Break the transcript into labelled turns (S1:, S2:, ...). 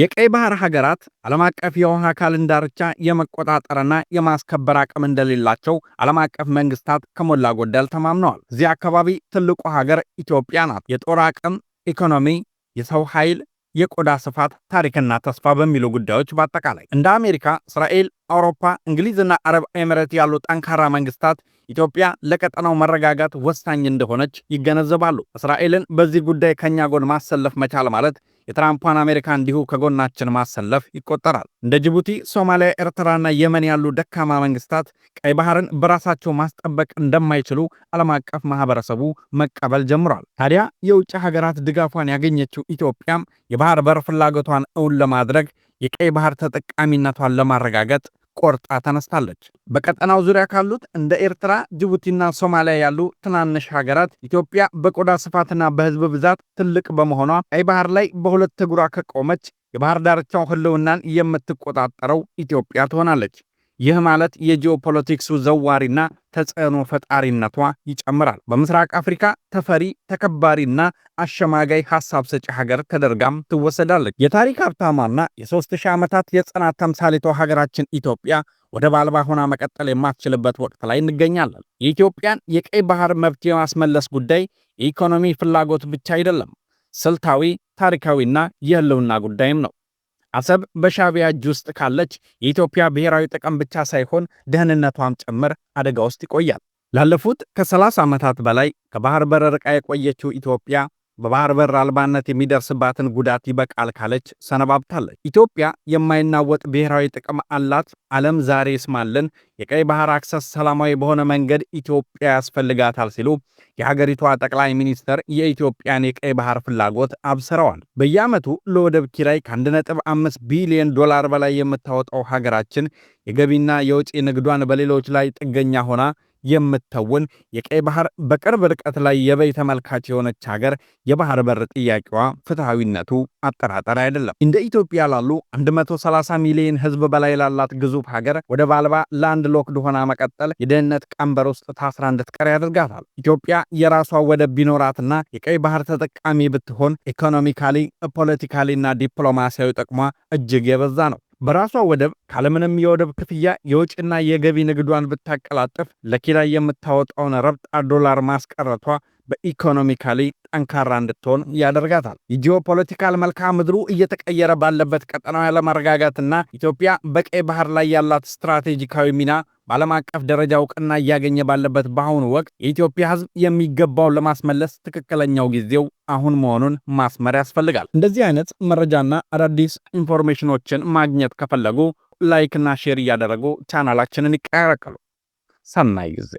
S1: የቀይ ባህር ሀገራት ዓለም አቀፍ የውሃ አካልን ዳርቻ የመቆጣጠርና የማስከበር አቅም እንደሌላቸው ዓለም አቀፍ መንግስታት ከሞላ ጎደል ተማምነዋል። እዚህ አካባቢ ትልቁ ሀገር ኢትዮጵያ ናት። የጦር አቅም፣ ኢኮኖሚ፣ የሰው ኃይል የቆዳ ስፋት ታሪክና ተስፋ በሚሉ ጉዳዮች በአጠቃላይ እንደ አሜሪካ፣ እስራኤል፣ አውሮፓ፣ እንግሊዝና አረብ ኤምሬት ያሉ ጠንካራ መንግስታት ኢትዮጵያ ለቀጠናው መረጋጋት ወሳኝ እንደሆነች ይገነዘባሉ። እስራኤልን በዚህ ጉዳይ ከኛ ጎን ማሰለፍ መቻል ማለት የትራምፑን አሜሪካ እንዲሁ ከጎናችን ማሰለፍ ይቆጠራል። እንደ ጅቡቲ፣ ሶማሊያ፣ ኤርትራና የመን ያሉ ደካማ መንግስታት ቀይ ባህርን በራሳቸው ማስጠበቅ እንደማይችሉ ዓለም አቀፍ ማህበረሰቡ መቀበል ጀምሯል። ታዲያ የውጭ ሀገራት ድጋፏን ያገኘችው ኢትዮጵያም የባህር በር ፍላጎቷን እውን ለማድረግ የቀይ ባህር ተጠቃሚነቷን ለማረጋገጥ ቆርጣ ተነስታለች። በቀጠናው ዙሪያ ካሉት እንደ ኤርትራ፣ ጅቡቲና ሶማሊያ ያሉ ትናንሽ ሀገራት ኢትዮጵያ በቆዳ ስፋትና በህዝብ ብዛት ትልቅ በመሆኗ ቀይ ባህር ላይ በሁለት እግሯ ከቆመች የባህር ዳርቻው ህልውናን የምትቆጣጠረው ኢትዮጵያ ትሆናለች። ይህ ማለት የጂኦፖለቲክሱ ዘዋሪና ተጽዕኖ ፈጣሪነቷ ይጨምራል። በምስራቅ አፍሪካ ተፈሪ ተከባሪና አሸማጋይ ሀሳብ ሰጪ ሀገር ተደርጋም ትወሰዳለች። የታሪክ ሀብታማና የ3000 ዓመታት የጽናት ተምሳሌቷ ሀገራችን ኢትዮጵያ ወደ ባልባ ሆና መቀጠል የማትችልበት ወቅት ላይ እንገኛለን። የኢትዮጵያን የቀይ ባህር መብት የማስመለስ ጉዳይ የኢኮኖሚ ፍላጎት ብቻ አይደለም፣ ስልታዊ ታሪካዊና የህልውና ጉዳይም ነው። አሰብ በሻቢያ እጅ ውስጥ ካለች የኢትዮጵያ ብሔራዊ ጥቅም ብቻ ሳይሆን ደህንነቷም ጭምር አደጋ ውስጥ ይቆያል። ላለፉት ከ30 ዓመታት በላይ ከባህር በር ርቃ የቆየችው ኢትዮጵያ በባህር በር አልባነት የሚደርስባትን ጉዳት ይበቃል ካለች ሰነባብታለች። ኢትዮጵያ የማይናወጥ ብሔራዊ ጥቅም አላት። ዓለም ዛሬ ይስማልን። የቀይ ባህር አክሰስ ሰላማዊ በሆነ መንገድ ኢትዮጵያ ያስፈልጋታል ሲሉ የሀገሪቷ ጠቅላይ ሚኒስትር የኢትዮጵያን የቀይ ባህር ፍላጎት አብስረዋል። በየዓመቱ ለወደብ ኪራይ ከ1.5 ቢሊዮን ዶላር በላይ የምታወጣው ሀገራችን የገቢና የውጪ ንግዷን በሌሎች ላይ ጥገኛ ሆና የምትተውን የቀይ ባህር በቅርብ ርቀት ላይ የበይ ተመልካች የሆነች ሀገር የባህር በር ጥያቄዋ ፍትሐዊነቱ አጠራጠር አይደለም። እንደ ኢትዮጵያ ላሉ 130 ሚሊዮን ህዝብ በላይ ላላት ግዙፍ ሀገር ወደብ አልባ ላንድ ሎክድ ሆና መቀጠል የደህንነት ቀንበር ውስጥ ታስራ እንድትቀር ያደርጋታል። ኢትዮጵያ የራሷ ወደብ ቢኖራትና የቀይ ባህር ተጠቃሚ ብትሆን ኢኮኖሚካሊ፣ ፖለቲካሊ እና ዲፕሎማሲያዊ ጥቅሟ እጅግ የበዛ ነው። በራሷ ወደብ ካለምንም የወደብ ክፍያ የውጭና የገቢ ንግዷን ብታቀላጥፍ ለኪራይ የምታወጣውን ረብጣ ዶላር ማስቀረቷ በኢኮኖሚካሊ ጠንካራ እንድትሆን ያደርጋታል። የጂኦፖለቲካል መልክዓ ምድሩ እየተቀየረ ባለበት ቀጠናዊ አለመረጋጋትና ኢትዮጵያ በቀይ ባህር ላይ ያላት ስትራቴጂካዊ ሚና በዓለም አቀፍ ደረጃ እውቅና እያገኘ ባለበት በአሁኑ ወቅት የኢትዮጵያ ሕዝብ የሚገባውን ለማስመለስ ትክክለኛው ጊዜው አሁን መሆኑን ማስመር ያስፈልጋል። እንደዚህ አይነት መረጃና አዳዲስ ኢንፎርሜሽኖችን ማግኘት ከፈለጉ ላይክና ሼር እያደረጉ ቻናላችንን ይቀላቀሉ። ሰናይ ጊዜ